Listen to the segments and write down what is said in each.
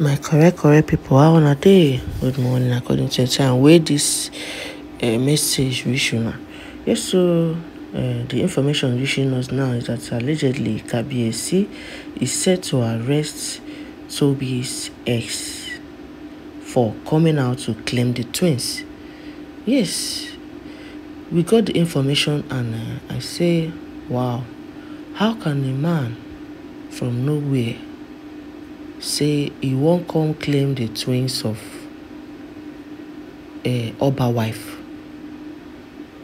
my correct correct people how una dey good morning according to the time wey dis message reach una yes so eh, The information reaching us now is that allegedly kabiyesi is set to arrest toby's ex for coming out to claim the twins yes we got the information and eh, i say wow how can a man from nowhere say he wan come claim the twins of uh, Oba wife.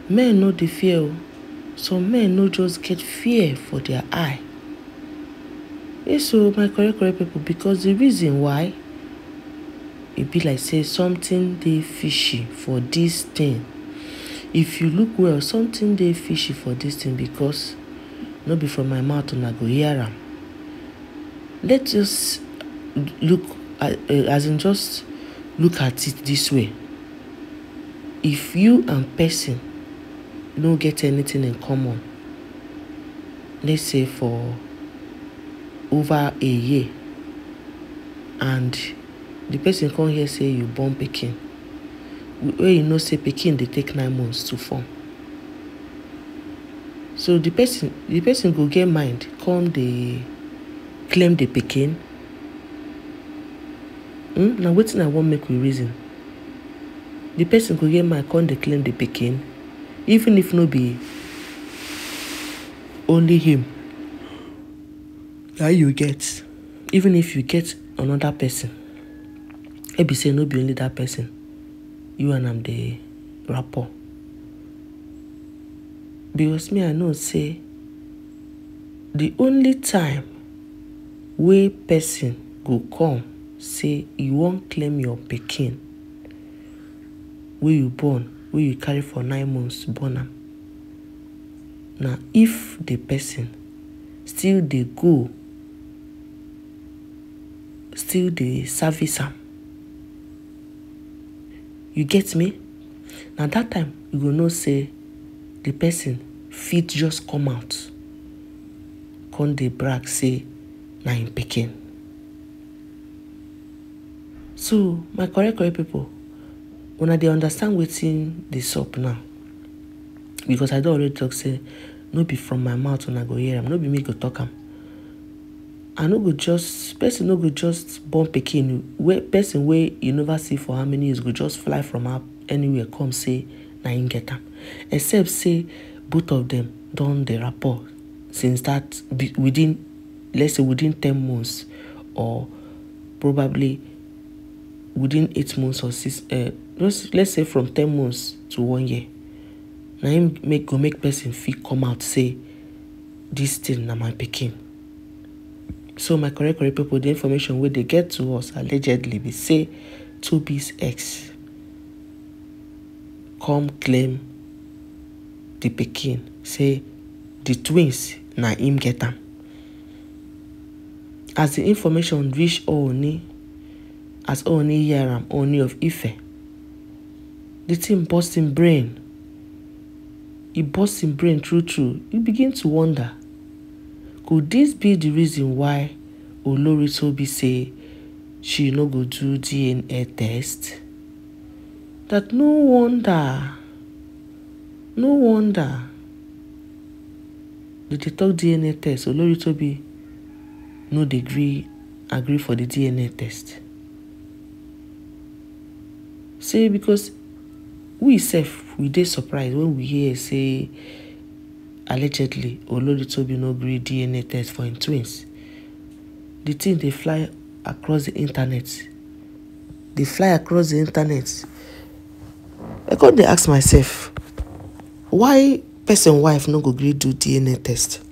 Men no dey fear o. Oh. Some men no just get fear for their eye. Yes so oh, my correct correct people, because the reason why e be like say something dey fishy for this thing. If you look well, something dey fishy for this thing because no be from my mouth una go hear am. Let us look uh, as in just look at it this way if you and person no get anything in common let's say for over a year and the person come here say you born pikin wey you know say pikin dey take nine months to form so the person the person go get mind come dey claim the pikin hmm? na wetin i wan make we reason the person go get my come dey claim the pikin even if no be only him na you get even if you get another person e be say no be only that person you and am dey rapport because me i know say the only time wey person go come say you wan claim your pikin wey you born wey you carry for nine months born am na if the person still dey go still dey service am you get me na that time you go know say the person fit just come out come dey brag say na im pikin so my correct correct pipo una dey understand wetin dey sup now because i don already talk say no be from my mouth una go hear am no be me go talk am i no go just person no go just born pikin person wey you never see for how many years go just fly from anywhere come say na him get am except say both of them don dey rapport since that within let's say within ten months or probably within eight months or six uh, eh, just let's say from ten months to one year na im make go make person fit come out say this thing na my pikin so my correct correct pipo di information wey dey get to us allegedly be say toby's ex come claim The pikin say the twins na im get am as the information reach ooni oh, as Oni Yaram Oni of Ife. The thing busts in brain. It e busts in brain true true. You begin to wonder, could this be the reason why Olori Tobi say she no go do DNA test? That no wonder, no wonder. Did they talk DNA test? Olori Tobi no degree agree for the DNA test say because we sef we dey surprised when we hear say allegedly oloritobi no gree dna test for im twins The thing dey fly across the internet dey fly across the internet i come dey ask myself why person wife no go gree do dna test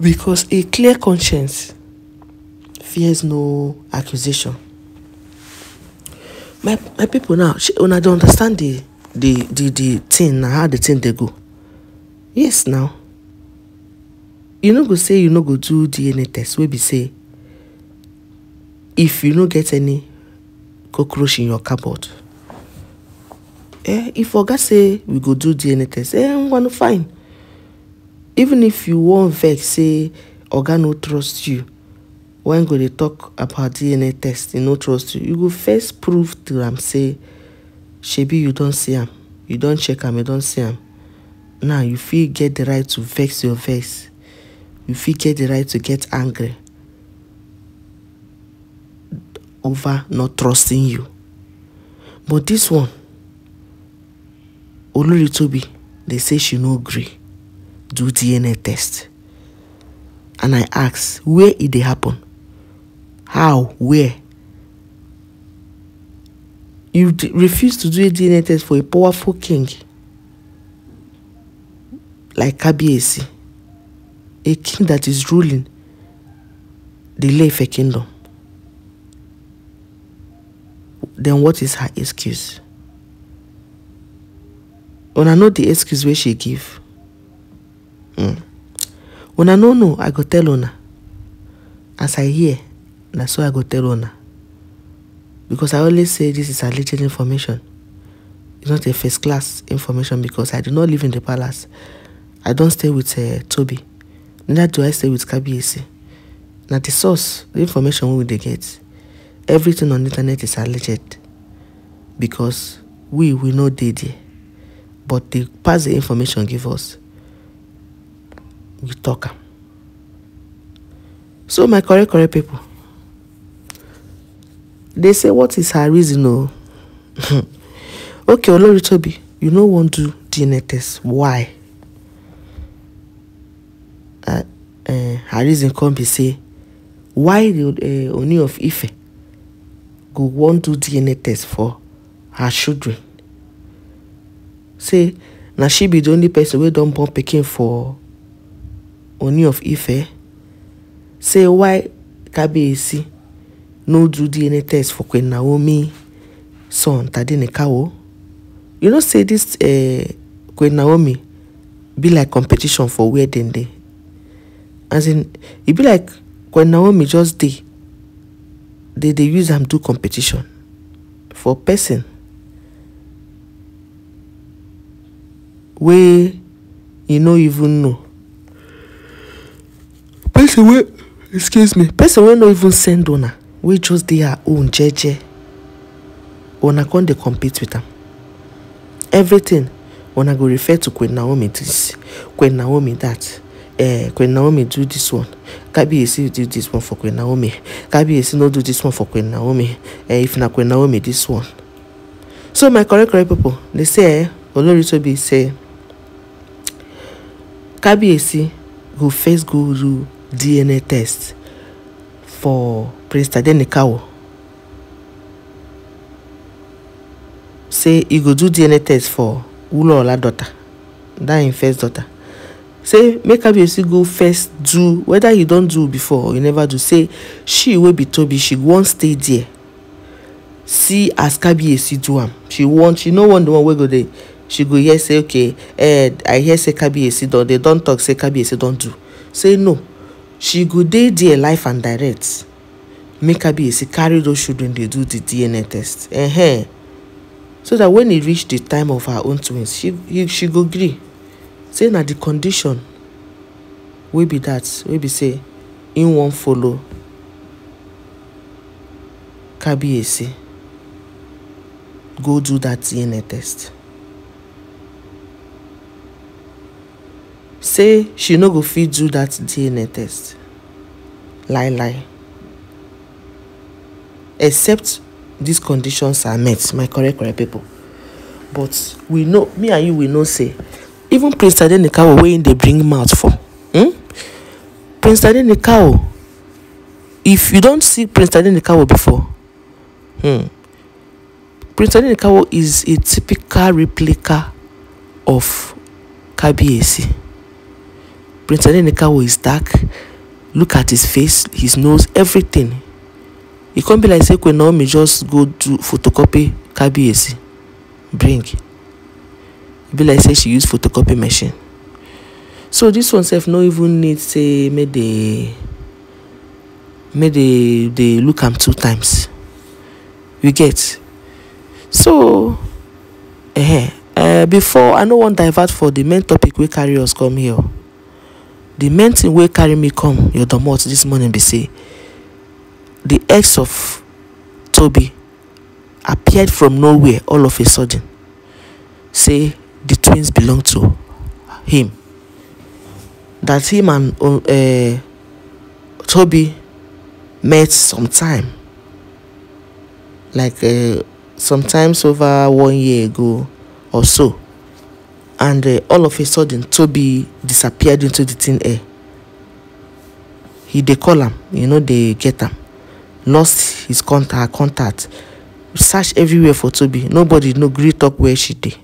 because a clear conscience fears no accusation my my people now una dey understand the the the the thing na how the thing dey go yes now you no go say you no go do dna test wey be say if you no get any cockroach in your cupboard eh if oga say we go do dna test eh ngwa no fine even if you wan vex say oga no trust you when go dey talk about dna test e no trust you you go first prove to am say shebi you don see am you don check am you don see am now you fit get the right to vex your vex you fit get the right to get angry over not trusting you but this one oloritobi dey say she no gree do dna test and i ask where e dey happen How? Where? You d- refuse to do a DNA test for a powerful king like Kabiesi, a king that is ruling the a kingdom. Then what is her excuse? I know the excuse where she give. Mm. I know no, I go tell her. As I hear, na so i go tell una because i always say this is alleged information it's not a first class information because i do not live in the palace i don't stay with uh, toby neither do i stay with KBC. na the source the information wey we dey get everything on the internet is alleged because we we no dey there but they pass the information give us we talk am so my correct correct people they say what is her reason o okay Olori oloritobi you no wan do dna test why uh, uh, her reason come be say why the uh, eh, oni of ife go wan do dna test for her children say na she be the only person wey don born pikin for oni of ife say why kabiyesi no do dna test for queen naomi son tadenikawo you know say dis eh, queen naomi be like competition for where dem as in it e be like queen naomi just dey they they use them do competition for person where you no even know person where excuse me person where no even send donor wey just dey her own jeje una come dey compete with am everything una go refer to queen naomi this queen naomi that eh, queen naomi do this one kabiyesi do this one for queen naomi kabiyesi no do this one for queen naomi eh, if na queen naomi this one so my correct correct people dey say eh, olori tobi say kabiyesi go first go do dna test for priest adenikawo say e go do dna test for wulola daughter That im first daughter say make kabiyesi go first do whether you don do before or you never do say she wey be tobi she wan stay there see as kabiyesi do am she wan she no wan the one wey go dey she go hear say okay eh i hear say kabiyesi don dey don talk say kabiyesi don do say no she go dey there life and direct make kabiyesi carry those children dey do the dna test uh -huh. so that when e reach the time of her own twins she she go gree say na the condition wey be that wey be say im wan follow kabiyesi go do that dna test say she no go fit do that dna test lie lie except these conditions are met my correct correct people but we know me and you we know say even prince adenikawo wey him dey bring mouth for hmm? prince adenikawo if you don see prince adenikawo before hmm, prince adenikawo is a typical replica of K B A C. prince adenikawo is dark look at his face his nose everything e come be like say queen naomi just go do photocopy kabiyesi bring e be like say she use photocopy machine so this one sef no even need say make dey make dey dey look am two times you get so eh uh, before i no wan divert for the main topic wey carry us come here The main thing wey carry me come your domot this morning be say the ex of Toby appeared from nowhere all of a sudden. Say the twins belong to him. That him and uh, Toby met sometime, like uh, sometimes over one year ago or so. And uh, all of a sudden, Toby disappeared into the thin air. He they call him, you know, they get him. lost his contact contact search everywhere for Toby. nobody no gree talk where she dey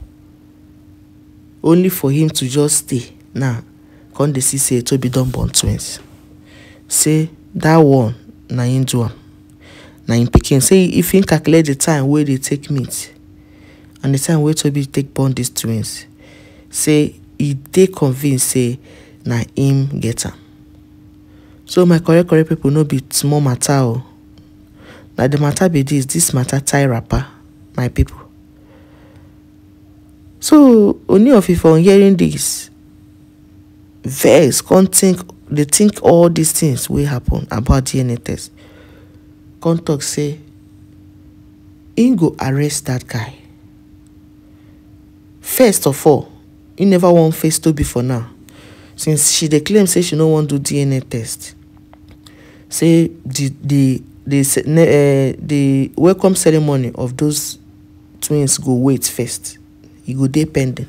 only for him to just stay now come dey see say Toby don born twins say that one na him do am na him pikin say if him calculate the time wey dey take meet and the time wey Toby take born these twins say e dey convinced say na him get am so my correct correct pipo no be small matter o na the matter be this this matter tie wrapper my people so Ooni of you from hearing this vex come think they think all these things will happen about DNA test come talk say im go arrest that guy first of all he never wan face to before now since she dey say she no wan do dna test say the the the uh, the welcome ceremony of those twins go wait first e go dey pending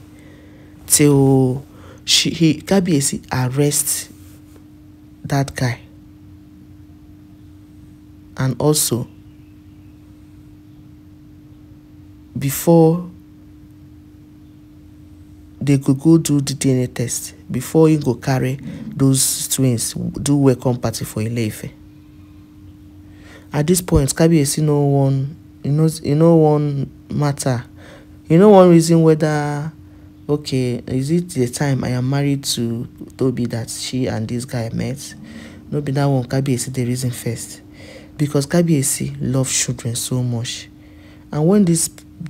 till she he kabiyesi arrest that guy and also before they go go do the dna test before he go carry those twins do welcome party for ile ife At this point, Kabiyesi no wan, You know, you no wan matter. You no wan reason whether, okay, is it the time I am married to Tobi that she and this guy met? No be that one, Kabiyesi the reason first. Because Kabiyesi love children so much. And when this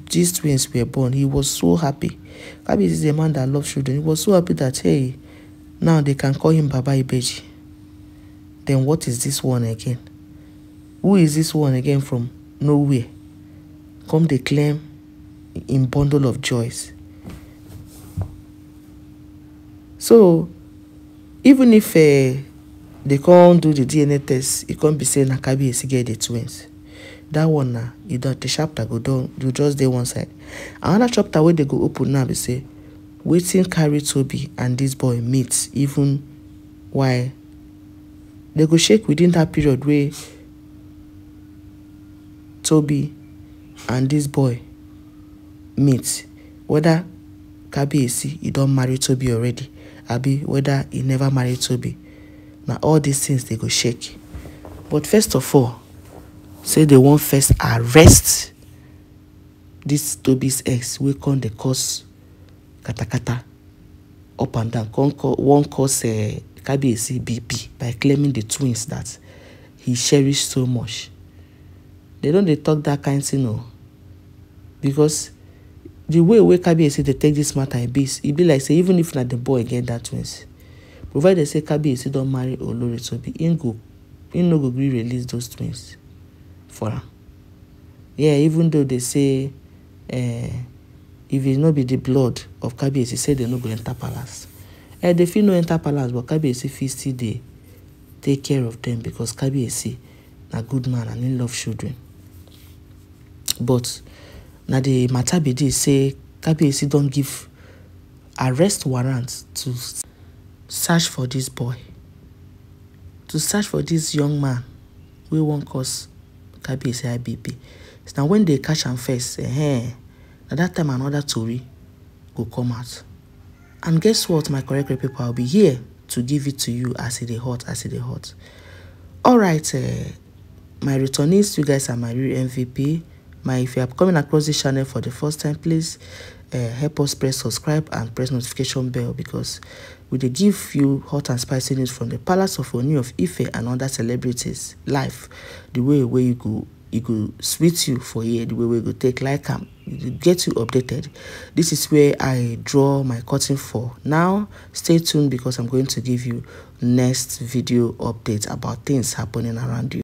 these twins were born, he was so happy. Kabi is a man that love children. He was so happy that, hey, now they can call him Baba Ibeji. Then what is this one again? Who is this one again from nowhere? Come they claim in bundle of joys. So even if uh, they can't do the DNA test, it can't be saying Nakabi is get the twins. That one now, you don't the chapter go down, you just day one side. Another chapter where they go open now, they say, waiting carry Toby and this boy meets even why they go shake within that period where Toby and this boy meet whether Kabiyesi he don't marry Toby already abi whether he never marry Toby Now all these things they go shake but first of all say they wan first arrest this Toby's ex We call the cause katakata up and down one wan cause uh, eh, Kabiyesi BP by claiming the twins that he cherished so much they don't. They talk that kind thing no. because the way wey say, they take this matter e be e be like say even if na the boy get dat twins they say say don't marry so be in go in no go release those twins for am yeah even though they say uh, if it e not be the blood of kabiyesi say they no go enter palace eh they feel no enter palace but kabiyesi fit still dey take care of them because say, na good man and he love children but now the matter be this: say don't give arrest warrant to search for this boy to search for this young man We won't cause kabiyesi ibb Now when they catch him first eh, Now that time another Tory will come out and guess what my correct correct will be here to give it to you as e hot as e hot alright uh, eh, my returnees you guys are my real mvp my if you are coming across this channel for the first time please uh, help us press subscribe and press notification bell because we will give you hot and spicy news from the palace of oni of ife and other celebrities life the way where you go you go sweet you for here the way we go take like am get you updated this is where i draw my curtain for now stay tuned because i'm going to give you next video update about things happening around you